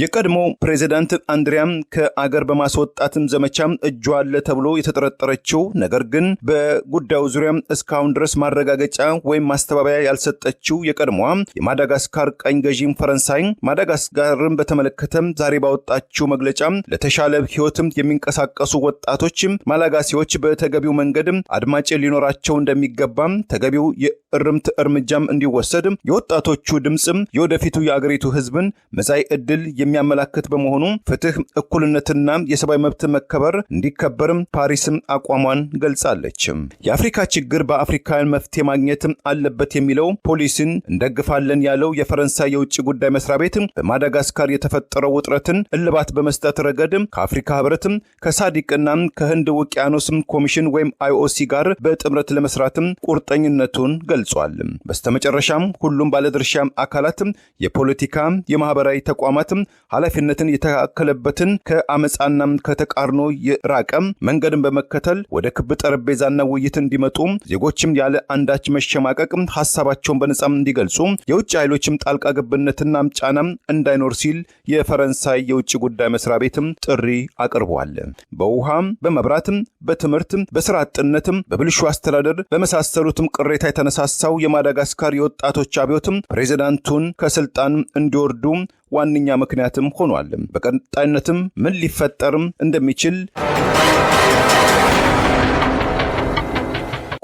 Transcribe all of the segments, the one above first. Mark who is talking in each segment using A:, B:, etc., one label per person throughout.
A: የቀድሞ ፕሬዚዳንት አንድሪያም ከአገር በማስወጣትም ዘመቻም እጇ አለ ተብሎ የተጠረጠረችው ነገር ግን በጉዳዩ ዙሪያ እስካሁን ድረስ ማረጋገጫ ወይም ማስተባበያ ያልሰጠችው የቀድሞዋ የማዳጋስካር ቀኝ ገዥም ፈረንሳይ ማዳጋስካርን በተመለከተም ዛሬ ባወጣችው መግለጫ ለተሻለ ሕይወትም የሚንቀሳቀሱ ወጣቶች ማላጋሲዎች በተገቢው መንገድ አድማጭ ሊኖራቸው እንደሚገባም ተገቢው የእርምት እርምጃም እንዲወሰድ የወጣቶቹ ድምፅም የወደፊቱ የአገሪቱ ሕዝብን መጻኢ ዕድል የሚያመላክት በመሆኑ ፍትህ፣ እኩልነትና የሰብአዊ መብት መከበር እንዲከበር ፓሪስም አቋሟን ገልጻለች። የአፍሪካ ችግር በአፍሪካውያን መፍትሄ ማግኘት አለበት የሚለው ፖሊሲን እንደግፋለን ያለው የፈረንሳይ የውጭ ጉዳይ መስሪያ ቤት በማዳጋስካር የተፈጠረው ውጥረትን እልባት በመስጠት ረገድ ከአፍሪካ ህብረት ከሳዲቅና ከህንድ ውቅያኖስ ኮሚሽን ወይም አይኦሲ ጋር በጥምረት ለመስራትም ቁርጠኝነቱን ገልጿል። በስተመጨረሻም ሁሉም ባለድርሻ አካላት የፖለቲካ የማህበራዊ ተቋማት ኃላፊነትን የተካከለበትን ከአመፃና ከተቃርኖ የራቀ መንገድን በመከተል ወደ ክብ ጠረጴዛና ውይይት እንዲመጡ ዜጎችም ያለ አንዳች መሸማቀቅ ሀሳባቸውን በነጻም እንዲገልጹ የውጭ ኃይሎችም ጣልቃ ገብነትና ጫናም እንዳይኖር ሲል የፈረንሳይ የውጭ ጉዳይ መስሪያ ቤትም ጥሪ አቅርቧል። በውሃም፣ በመብራትም፣ በትምህርትም፣ በስራ አጥነትም፣ በብልሹ አስተዳደር በመሳሰሉትም ቅሬታ የተነሳሳው የማዳጋስካር የወጣቶች አብዮትም ፕሬዚዳንቱን ከስልጣን እንዲወርዱ ዋነኛ ምክንያትም ሆኗል። በቀጣይነትም ምን ሊፈጠርም እንደሚችል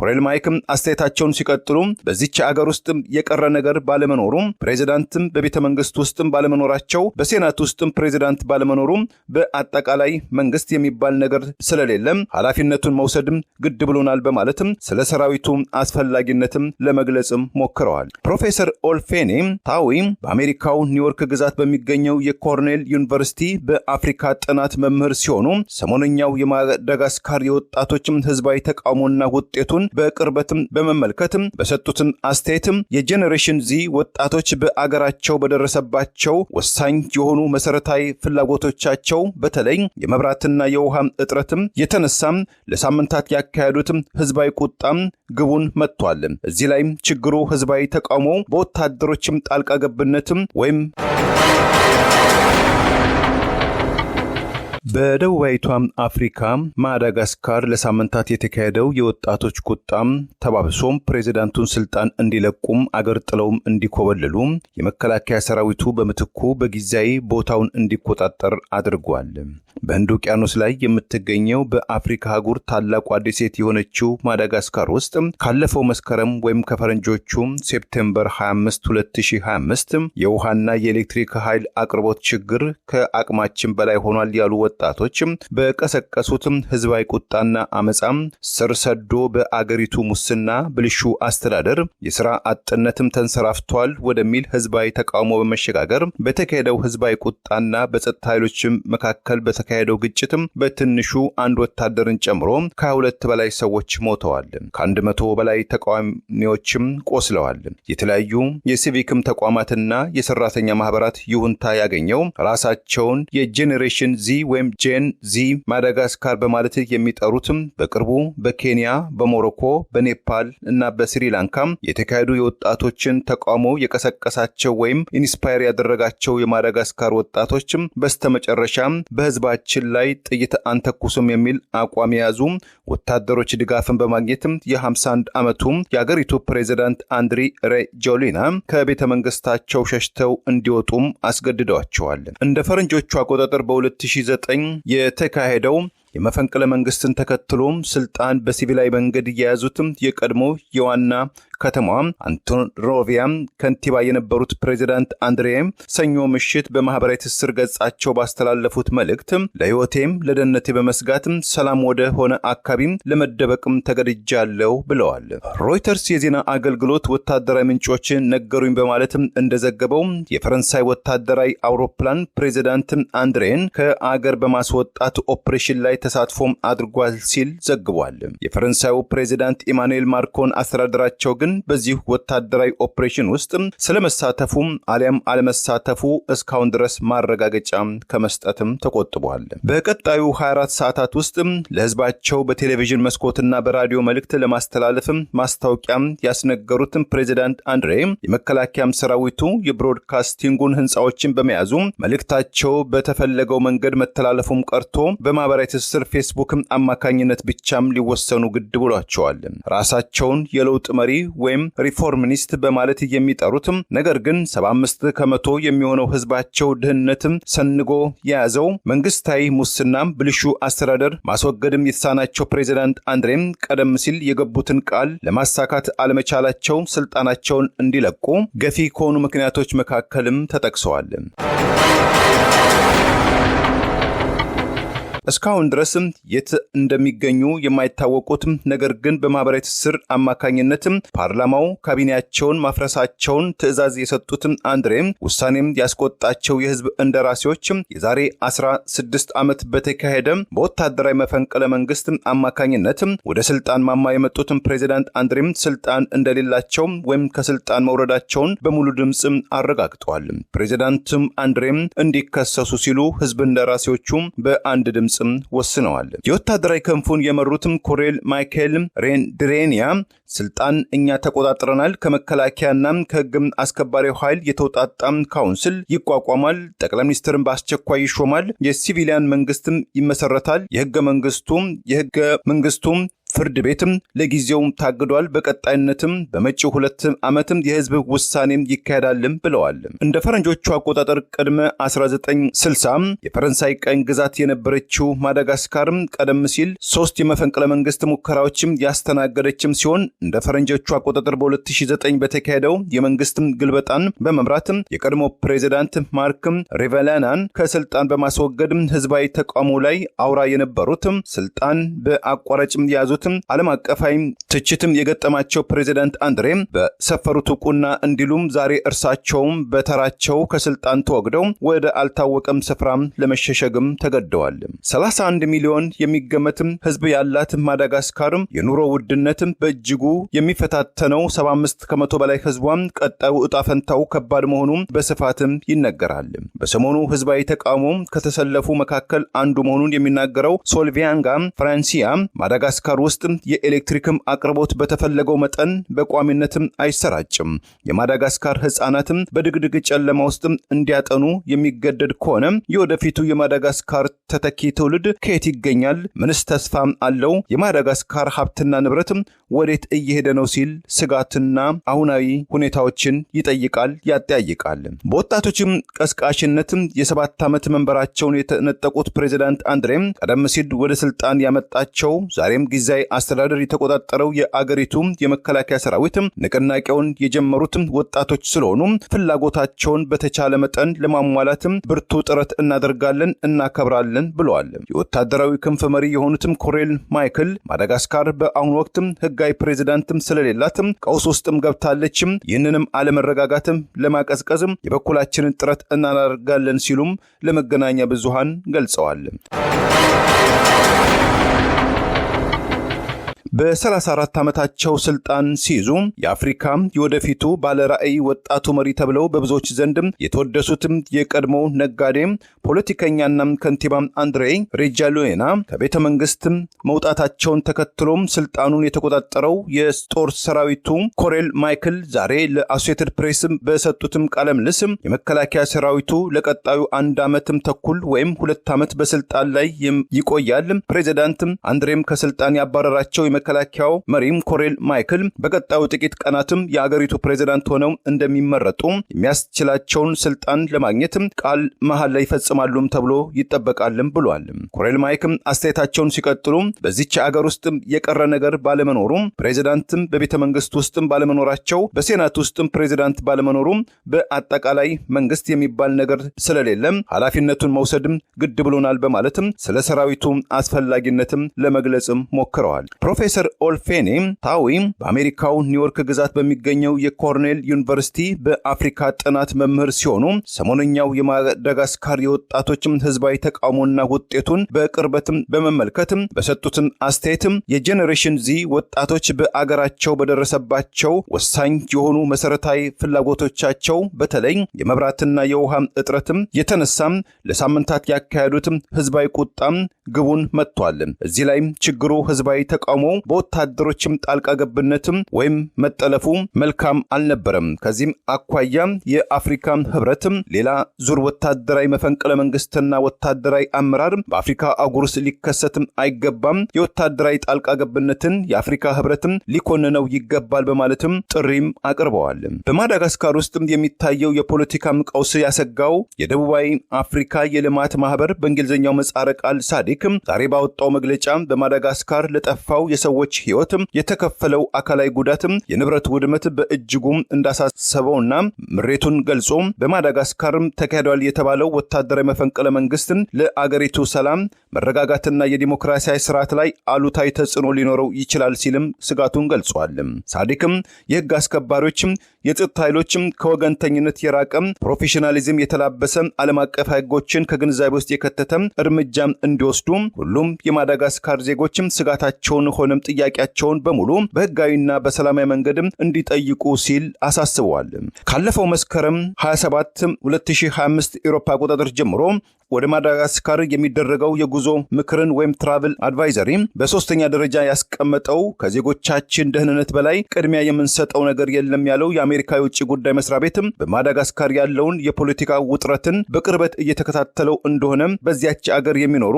A: ኮሎኔል ማይክም አስተያየታቸውን ሲቀጥሉ በዚች አገር ውስጥም የቀረ ነገር ባለመኖሩም ፕሬዚዳንትም በቤተ መንግስት ውስጥም ባለመኖራቸው በሴናት ውስጥም ፕሬዚዳንት ባለመኖሩም በአጠቃላይ መንግስት የሚባል ነገር ስለሌለም ኃላፊነቱን መውሰድም ግድ ብሎናል በማለትም ስለ ሰራዊቱ አስፈላጊነትም ለመግለጽም ሞክረዋል። ፕሮፌሰር ኦልፌኔ ታዊ በአሜሪካው ኒውዮርክ ግዛት በሚገኘው የኮርኔል ዩኒቨርሲቲ በአፍሪካ ጥናት መምህር ሲሆኑ ሰሞነኛው የማዳጋስካር የወጣቶችም ህዝባዊ ተቃውሞና ውጤቱን በቅርበትም በመመልከትም በሰጡትም አስተያየትም የጄኔሬሽን ዚ ወጣቶች በአገራቸው በደረሰባቸው ወሳኝ የሆኑ መሰረታዊ ፍላጎቶቻቸው በተለይ የመብራትና የውሃ እጥረትም የተነሳም ለሳምንታት ያካሄዱትም ህዝባዊ ቁጣም ግቡን መጥቷል። እዚህ ላይ ችግሩ ህዝባዊ ተቃውሞ በወታደሮችም ጣልቃ ገብነትም ወይም በደቡባዊቷም አፍሪካ ማዳጋስካር ለሳምንታት የተካሄደው የወጣቶች ቁጣም ተባብሶም ፕሬዚዳንቱን ስልጣን እንዲለቁም አገር ጥለውም እንዲኮበልሉ የመከላከያ ሰራዊቱ በምትኩ በጊዜያዊ ቦታውን እንዲቆጣጠር አድርጓል። በህንድ ውቅያኖስ ላይ የምትገኘው በአፍሪካ አህጉር ታላቋ ደሴት የሆነችው ማዳጋስካር ውስጥ ካለፈው መስከረም ወይም ከፈረንጆቹ ሴፕቴምበር 25 2025 የውሃና የኤሌክትሪክ ኃይል አቅርቦት ችግር ከአቅማችን በላይ ሆኗል ያሉ ወጣቶችም በቀሰቀሱትም ህዝባዊ ቁጣና አመፃም ስር ሰዶ በአገሪቱ ሙስና፣ ብልሹ አስተዳደር፣ የስራ አጥነትም ተንሰራፍቷል ወደሚል ህዝባዊ ተቃውሞ በመሸጋገር በተካሄደው ህዝባዊ ቁጣና በጸጥታ ኃይሎችም መካከል በተካሄደው ግጭትም በትንሹ አንድ ወታደርን ጨምሮ ከሁለት በላይ ሰዎች ሞተዋል። ከአንድ መቶ በላይ ተቃዋሚዎችም ቆስለዋል። የተለያዩ የሲቪክም ተቋማትና የሰራተኛ ማህበራት ይሁንታ ያገኘው ራሳቸውን የጄኔሬሽን ዚ ወይም ጄን ዚ ማዳጋስካር በማለት የሚጠሩትም በቅርቡ በኬንያ፣ በሞሮኮ፣ በኔፓል እና በስሪላንካ የተካሄዱ የወጣቶችን ተቃውሞ የቀሰቀሳቸው ወይም ኢንስፓየር ያደረጋቸው የማዳጋስካር ወጣቶችም በስተመጨረሻም በህዝባችን ላይ ጥይት አንተኩሱም የሚል አቋም የያዙ ወታደሮች ድጋፍን በማግኘትም የ51 ዓመቱ የአገሪቱ ፕሬዚዳንት አንድሪ ሬጆሊና ከቤተ መንግስታቸው ሸሽተው እንዲወጡም አስገድደዋቸዋል። እንደ ፈረንጆቹ አቆጣጠር በ2009 የተካሄደው የመፈንቅለ መንግስትን ተከትሎም ስልጣን በሲቪላዊ መንገድ እየያዙትም የቀድሞ የዋና ከተማዋ አንቶኖቪያ ከንቲባ የነበሩት ፕሬዚዳንት አንድሬ ሰኞ ምሽት በማህበራዊ ትስስር ገጻቸው ባስተላለፉት መልእክት ለሕይወቴም ለደህንነቴ በመስጋትም ሰላም ወደ ሆነ አካባቢም ለመደበቅም ተገድጃለሁ ብለዋል። ሮይተርስ የዜና አገልግሎት ወታደራዊ ምንጮች ነገሩኝ በማለትም እንደዘገበው የፈረንሳይ ወታደራዊ አውሮፕላን ፕሬዚዳንት አንድሬን ከአገር በማስወጣት ኦፕሬሽን ላይ ተሳትፎም አድርጓል ሲል ዘግቧል። የፈረንሳዩ ፕሬዚዳንት ኢማኑኤል ማርኮን አስተዳደራቸው ግን በዚህ ወታደራዊ ኦፕሬሽን ውስጥ ስለመሳተፉም አሊያም አለመሳተፉ እስካሁን ድረስ ማረጋገጫ ከመስጠትም ተቆጥቧል። በቀጣዩ 24 ሰዓታት ውስጥ ለህዝባቸው በቴሌቪዥን መስኮትና በራዲዮ መልእክት ለማስተላለፍም ማስታወቂያም ያስነገሩትን ፕሬዚዳንት አንድሬ የመከላከያም ሰራዊቱ የብሮድካስቲንጉን ህንፃዎችን በመያዙ መልእክታቸው በተፈለገው መንገድ መተላለፉም ቀርቶ በማህበራዊ በትስስር ፌስቡክም አማካኝነት ብቻም ሊወሰኑ ግድ ብሏቸዋል። ራሳቸውን የለውጥ መሪ ወይም ሪፎርሚኒስት በማለት የሚጠሩትም ነገር ግን 75 ከመቶ የሚሆነው ህዝባቸው ድህነትም ሰንጎ የያዘው መንግስታዊ ሙስናም ብልሹ አስተዳደር ማስወገድም የተሳናቸው ፕሬዚዳንት አንድሬም ቀደም ሲል የገቡትን ቃል ለማሳካት አለመቻላቸው ስልጣናቸውን እንዲለቁ ገፊ ከሆኑ ምክንያቶች መካከልም ተጠቅሰዋል። እስካሁን ድረስም የት እንደሚገኙ የማይታወቁትም ነገር ግን በማህበራዊ ትስስር አማካኝነትም ፓርላማው ካቢኔያቸውን ማፍረሳቸውን ትዕዛዝ የሰጡትም አንድሬም ውሳኔም ያስቆጣቸው የህዝብ እንደራሴዎችም የዛሬ 16 ዓመት በተካሄደ በወታደራዊ መፈንቅለ መንግስት አማካኝነት ወደ ስልጣን ማማ የመጡትም ፕሬዚዳንት አንድሬም ስልጣን እንደሌላቸው ወይም ከስልጣን መውረዳቸውን በሙሉ ድምፅ አረጋግጠዋል። ፕሬዚዳንትም አንድሬም እንዲከሰሱ ሲሉ ህዝብ እንደራሴዎቹም በአንድ ድምፅ ድምፅም ወስነዋል። የወታደራዊ ክንፉን የመሩትም ኮሬል ማይኬል ሬንድሬኒያ ስልጣን እኛ ተቆጣጥረናል፣ ከመከላከያና ከህግም አስከባሪው ኃይል የተውጣጣም ካውንስል ይቋቋማል፣ ጠቅላይ ሚኒስትርን በአስቸኳይ ይሾማል፣ የሲቪሊያን መንግስትም ይመሰረታል፣ የህገ መንግስቱም የህገ መንግስቱም ፍርድ ቤትም ለጊዜውም ታግዷል። በቀጣይነትም በመጪው ሁለት ዓመትም የህዝብ ውሳኔም ይካሄዳልም ብለዋል። እንደ ፈረንጆቹ አቆጣጠር ቅድመ 1960 የፈረንሳይ ቀኝ ግዛት የነበረችው ማዳጋስካርም ቀደም ሲል ሶስት የመፈንቅለ መንግስት ሙከራዎችም ያስተናገደችም ሲሆን እንደ ፈረንጆቹ አቆጣጠር በ2009 በተካሄደው የመንግስትም ግልበጣን በመምራትም የቀድሞ ፕሬዚዳንት ማርክም ሪቨላናን ከስልጣን በማስወገድ ህዝባዊ ተቃውሞ ላይ አውራ የነበሩትም ስልጣን በአቋራጭም የያዙት የሰነዘሩትም ዓለም አቀፋይም ትችትም የገጠማቸው ፕሬዚዳንት አንድሬ በሰፈሩት ቁና እንዲሉም ዛሬ እርሳቸውም በተራቸው ከስልጣን ተወግደው ወደ አልታወቀም ስፍራም ለመሸሸግም ተገደዋል። 31 ሚሊዮን የሚገመትም ህዝብ ያላት ማዳጋስካርም የኑሮ ውድነትም በእጅጉ የሚፈታተነው 75 ከመቶ በላይ ህዝቧም ቀጣዩ እጣ ፈንታው ከባድ መሆኑ በስፋትም ይነገራል። በሰሞኑ ህዝባዊ ተቃውሞ ከተሰለፉ መካከል አንዱ መሆኑን የሚናገረው ሶልቪያንጋ ፍራንሲያ ማዳጋስካር ውስጥም የኤሌክትሪክም አቅርቦት በተፈለገው መጠን በቋሚነትም አይሰራጭም። የማዳጋስካር ሕፃናትም በድግድግ ጨለማ ውስጥም እንዲያጠኑ የሚገደድ ከሆነ የወደፊቱ የማዳጋስካር ተተኪ ትውልድ ከየት ይገኛል? ምንስ ተስፋም አለው? የማዳጋስካር ሀብትና ንብረትም ወዴት እየሄደ ነው ሲል ስጋትና አሁናዊ ሁኔታዎችን ይጠይቃል፣ ያጠያይቃል። በወጣቶችም ቀስቃሽነትም የሰባት ዓመት መንበራቸውን የተነጠቁት ፕሬዚዳንት አንድሬም ቀደም ሲል ወደ ስልጣን ያመጣቸው ዛሬም ጊዜ የጊዜያዊ አስተዳደር የተቆጣጠረው የአገሪቱ የመከላከያ ሰራዊትም ንቅናቄውን የጀመሩትም ወጣቶች ስለሆኑ ፍላጎታቸውን በተቻለ መጠን ለማሟላትም ብርቱ ጥረት እናደርጋለን፣ እናከብራለን ብለዋል። የወታደራዊ ክንፍ መሪ የሆኑትም ኮሬል ማይክል ማዳጋስካር በአሁኑ ወቅትም ህጋዊ ፕሬዚዳንትም ስለሌላትም ቀውስ ውስጥም ገብታለችም፣ ይህንንም አለመረጋጋትም ለማቀዝቀዝም የበኩላችንን ጥረት እናደርጋለን ሲሉም ለመገናኛ ብዙሃን ገልጸዋል። በ34 ዓመታቸው ስልጣን ሲይዙ የአፍሪካ የወደፊቱ ባለራዕይ ወጣቱ መሪ ተብለው በብዙዎች ዘንድ የተወደሱትም የቀድሞ ነጋዴ ፖለቲከኛና ከንቲባ አንድሬ ሬጃሉዌና ከቤተ መንግስት መውጣታቸውን ተከትሎም ስልጣኑን የተቆጣጠረው የጦር ሰራዊቱ ኮሬል ማይክል ዛሬ ለአሶሴትድ ፕሬስ በሰጡትም ቃለ ምልልስ የመከላከያ ሰራዊቱ ለቀጣዩ አንድ ዓመትም ተኩል ወይም ሁለት ዓመት በስልጣን ላይ ይቆያል። ፕሬዚዳንት አንድሬም ከስልጣን ያባረራቸው የመከላከያው መሪም ኮሬል ማይክል በቀጣዩ ጥቂት ቀናትም የአገሪቱ ፕሬዚዳንት ሆነው እንደሚመረጡ የሚያስችላቸውን ስልጣን ለማግኘት ቃል ላይ ይፈጽማሉም ተብሎ ይጠበቃልም ብሏል። ኮሬል ማይክም አስተያየታቸውን ሲቀጥሉ በዚች አገር ውስጥ የቀረ ነገር ባለመኖሩም ፕሬዚዳንትም በቤተ መንግስት ውስጥም ባለመኖራቸው በሴናት ውስጥም ፕሬዚዳንት ባለመኖሩ በአጠቃላይ መንግስት የሚባል ነገር ስለሌለም ኃላፊነቱን መውሰድም ግድ ብሎናል በማለትም ስለ ሰራዊቱ አስፈላጊነትም ለመግለጽም ሞክረዋል። ፕሮፌሰር ፕሮፌሰር ኦልፌኔ ታዊ በአሜሪካው ኒውዮርክ ግዛት በሚገኘው የኮርኔል ዩኒቨርሲቲ በአፍሪካ ጥናት መምህር ሲሆኑ ሰሞነኛው የማዳጋስካር የወጣቶችም ህዝባዊ ተቃውሞና ውጤቱን በቅርበትም በመመልከት በሰጡትን አስተያየትም የጄኔሬሽን ዚ ወጣቶች በአገራቸው በደረሰባቸው ወሳኝ የሆኑ መሰረታዊ ፍላጎቶቻቸው በተለይ የመብራትና የውሃ እጥረትም የተነሳም ለሳምንታት ያካሄዱትም ህዝባዊ ቁጣም ግቡን መጥቷል። እዚህ ላይም ችግሩ ህዝባዊ ተቃውሞ በወታደሮችም ጣልቃ ገብነትም ወይም መጠለፉ መልካም አልነበረም። ከዚህም አኳያ የአፍሪካ ህብረት ሌላ ዙር ወታደራዊ መፈንቅለ መንግስትና ወታደራዊ አመራር በአፍሪካ አህጉር ውስጥ ሊከሰትም አይገባም፣ የወታደራዊ ጣልቃ ገብነትን የአፍሪካ ህብረትም ሊኮንነው ይገባል በማለትም ጥሪም አቅርበዋል። በማዳጋስካር ውስጥ የሚታየው የፖለቲካም ቀውስ ያሰጋው የደቡባዊ አፍሪካ የልማት ማህበር በእንግሊዝኛው መጻረ ቃል ሳዲክ ሞዛምቢክም ዛሬ ባወጣው መግለጫ በማዳጋስካር ለጠፋው የሰዎች ህይወትም የተከፈለው አካላዊ ጉዳትም የንብረት ውድመት በእጅጉም እንዳሳሰበውና ምሬቱን ገልጾ በማዳጋስካርም ተካሂዷል የተባለው ወታደራዊ መፈንቅለ መንግስትን ለአገሪቱ ሰላም መረጋጋትና የዲሞክራሲያዊ ስርዓት ላይ አሉታዊ ተጽዕኖ ሊኖረው ይችላል ሲልም ስጋቱን ገልጿል። ሳዲክም የህግ አስከባሪዎችም የጸጥታ ኃይሎችም ከወገንተኝነት የራቀም ፕሮፌሽናሊዝም የተላበሰ ዓለም አቀፍ ህጎችን ከግንዛቤ ውስጥ የከተተም እርምጃም እንዲወስዱ ቢወስዱም ሁሉም የማዳጋስካር ዜጎችም ስጋታቸውን ሆነም ጥያቄያቸውን በሙሉ በህጋዊና በሰላማዊ መንገድም እንዲጠይቁ ሲል አሳስበዋል። ካለፈው መስከረም 27 2025 ኤሮፓ አቆጣጠር ጀምሮ ወደ ማዳጋስካር የሚደረገው የጉዞ ምክርን ወይም ትራቭል አድቫይዘሪ በሶስተኛ ደረጃ ያስቀመጠው ከዜጎቻችን ደህንነት በላይ ቅድሚያ የምንሰጠው ነገር የለም ያለው የአሜሪካ የውጭ ጉዳይ መስሪያ ቤትም በማዳጋስካር ያለውን የፖለቲካ ውጥረትን በቅርበት እየተከታተለው እንደሆነ በዚያች አገር የሚኖሩ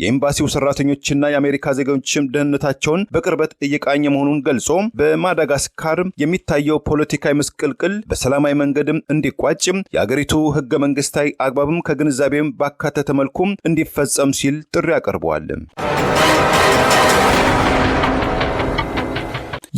A: የኤምባሲው ሰራተኞችና የአሜሪካ ዜጎችም ደህንነታቸውን በቅርበት እየቃኘ መሆኑን ገልጾ በማዳጋስካር የሚታየው ፖለቲካዊ ምስቅልቅል በሰላማዊ መንገድም እንዲቋጭም የአገሪቱ ህገ መንግስታዊ አግባብም ከግንዛቤም ባካተተ መልኩም እንዲፈጸም ሲል ጥሪ አቅርበዋል።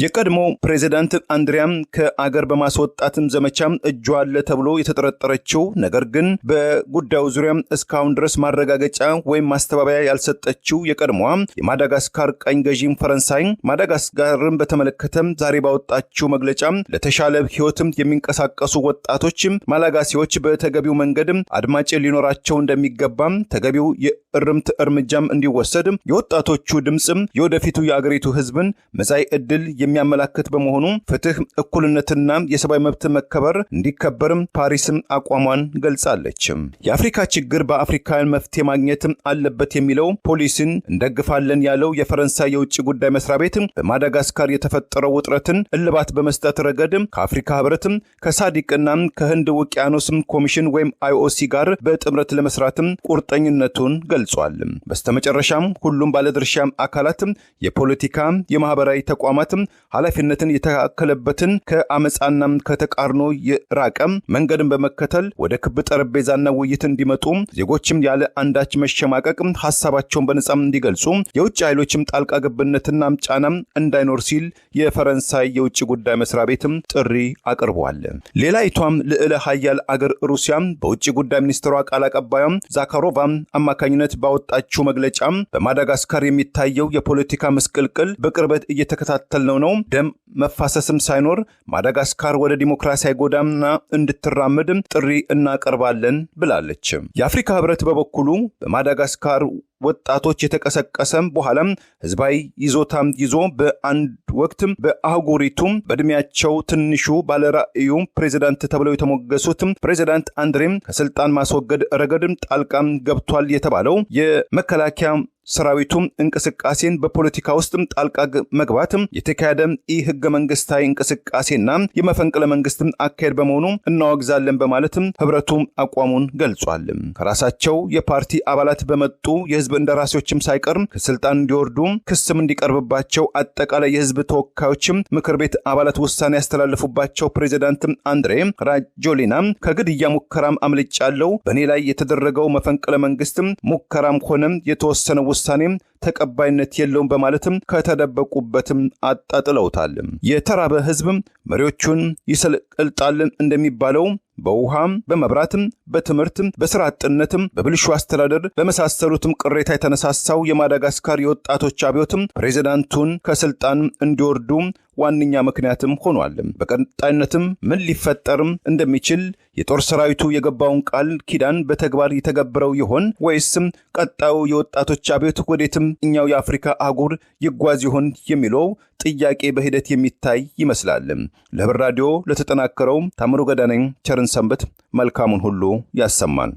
A: የቀድሞው ፕሬዚዳንት አንድሪያም ከአገር በማስወጣትም ዘመቻም እጇ አለ ተብሎ የተጠረጠረችው ነገር ግን በጉዳዩ ዙሪያም እስካሁን ድረስ ማረጋገጫ ወይም ማስተባበያ ያልሰጠችው የቀድሞዋ የማዳጋስካር ቀኝ ገዥም ፈረንሳይ ማዳጋስካርን በተመለከተም ዛሬ ባወጣችው መግለጫ ለተሻለ ሕይወትም የሚንቀሳቀሱ ወጣቶችም ማላጋሴዎች በተገቢው መንገድም አድማጭ ሊኖራቸው እንደሚገባም ተገቢው የእርምት እርምጃም እንዲወሰድ የወጣቶቹ ድምፅም የወደፊቱ የአገሪቱ ሕዝብን መዛይ ዕድል የሚ የሚያመላክት በመሆኑ ፍትህ፣ እኩልነትና የሰብአዊ መብት መከበር እንዲከበር ፓሪስም አቋሟን ገልጻለች። የአፍሪካ ችግር በአፍሪካውያን መፍትሄ ማግኘት አለበት የሚለው ፖሊሲን እንደግፋለን ያለው የፈረንሳይ የውጭ ጉዳይ መስሪያ ቤት በማዳጋስካር የተፈጠረው ውጥረትን እልባት በመስጠት ረገድ ከአፍሪካ ህብረት ከሳዲቅና ከህንድ ውቅያኖስ ኮሚሽን ወይም አይኦሲ ጋር በጥምረት ለመስራትም ቁርጠኝነቱን ገልጿል። በስተመጨረሻም ሁሉም ባለድርሻ አካላት የፖለቲካ የማህበራዊ ተቋማትም ኃላፊነትን የተካከለበትን ከአመፃናም ከተቃርኖ የራቀም መንገድን በመከተል ወደ ክብ ጠረጴዛና ውይይት እንዲመጡ ዜጎችም ያለ አንዳች መሸማቀቅ ሀሳባቸውን በነጻም እንዲገልጹ የውጭ ኃይሎችም ጣልቃ ገብነትና ጫናም እንዳይኖር ሲል የፈረንሳይ የውጭ ጉዳይ መስሪያ ቤትም ጥሪ አቅርቧል። ሌላይቷም ልዕለ ሀያል አገር ሩሲያ በውጭ ጉዳይ ሚኒስትሯ ቃል አቀባዩም ዛካሮቫ አማካኝነት ባወጣችው መግለጫ በማዳጋስካር የሚታየው የፖለቲካ ምስቅልቅል በቅርበት እየተከታተል ነው ነው። ደም መፋሰስም ሳይኖር ማዳጋስካር ወደ ዲሞክራሲያዊ ጎዳና እንድትራመድም ጥሪ እናቀርባለን ብላለች። የአፍሪካ ህብረት በበኩሉ በማዳጋስካር ወጣቶች የተቀሰቀሰም በኋላም ህዝባዊ ይዞታም ይዞ በአንድ ወቅት በአህጉሪቱም በእድሜያቸው ትንሹ ባለራዕዩ ፕሬዚዳንት ተብለው የተሞገሱትም ፕሬዚዳንት አንድሬም ከስልጣን ማስወገድ ረገድም ጣልቃም ገብቷል የተባለው የመከላከያ ሰራዊቱም እንቅስቃሴን በፖለቲካ ውስጥም ጣልቃ መግባት የተካሄደ ኢ ህገ መንግስታዊ እንቅስቃሴና የመፈንቅለ መንግስት አካሄድ በመሆኑ እናወግዛለን በማለትም ህብረቱ አቋሙን ገልጿል። ከራሳቸው የፓርቲ አባላት በመጡ የህዝብ እንደራሴዎችም ሳይቀር ከስልጣን እንዲወርዱ ክስም እንዲቀርብባቸው አጠቃላይ የህዝብ ተወካዮችም ምክር ቤት አባላት ውሳኔ ያስተላለፉባቸው ፕሬዚዳንት አንድሬ ራጆሊና ከግድያ ሙከራም አምልጫለው በእኔ ላይ የተደረገው መፈንቅለ መንግስት ሙከራም ሆነ የተወሰነ ውሳኔም ተቀባይነት የለውም በማለትም ከተደበቁበትም አጣጥለውታል። የተራበ ህዝብም መሪዎቹን ይሰቀልጣልን እንደሚባለው በውሃም በመብራትም በትምህርትም በስራ አጥነትም በብልሹ አስተዳደር በመሳሰሉትም ቅሬታ የተነሳሳው የማዳጋስካር የወጣቶች አብዮትም ፕሬዚዳንቱን ከስልጣን እንዲወርዱ ዋነኛ ምክንያትም ሆኗል። በቀጣይነትም ምን ሊፈጠርም እንደሚችል የጦር ሰራዊቱ የገባውን ቃል ኪዳን በተግባር የተገብረው ይሆን ወይስም ቀጣዩ የወጣቶች አብዮት ወዴትም እኛው የአፍሪካ አህጉር ይጓዝ ይሆን የሚለው ጥያቄ በሂደት የሚታይ ይመስላል። ለህብር ራዲዮ ለተጠናከረው ታምሩ ገዳነኝ ቸርን ሰንበት መልካሙን ሁሉ ያሰማን።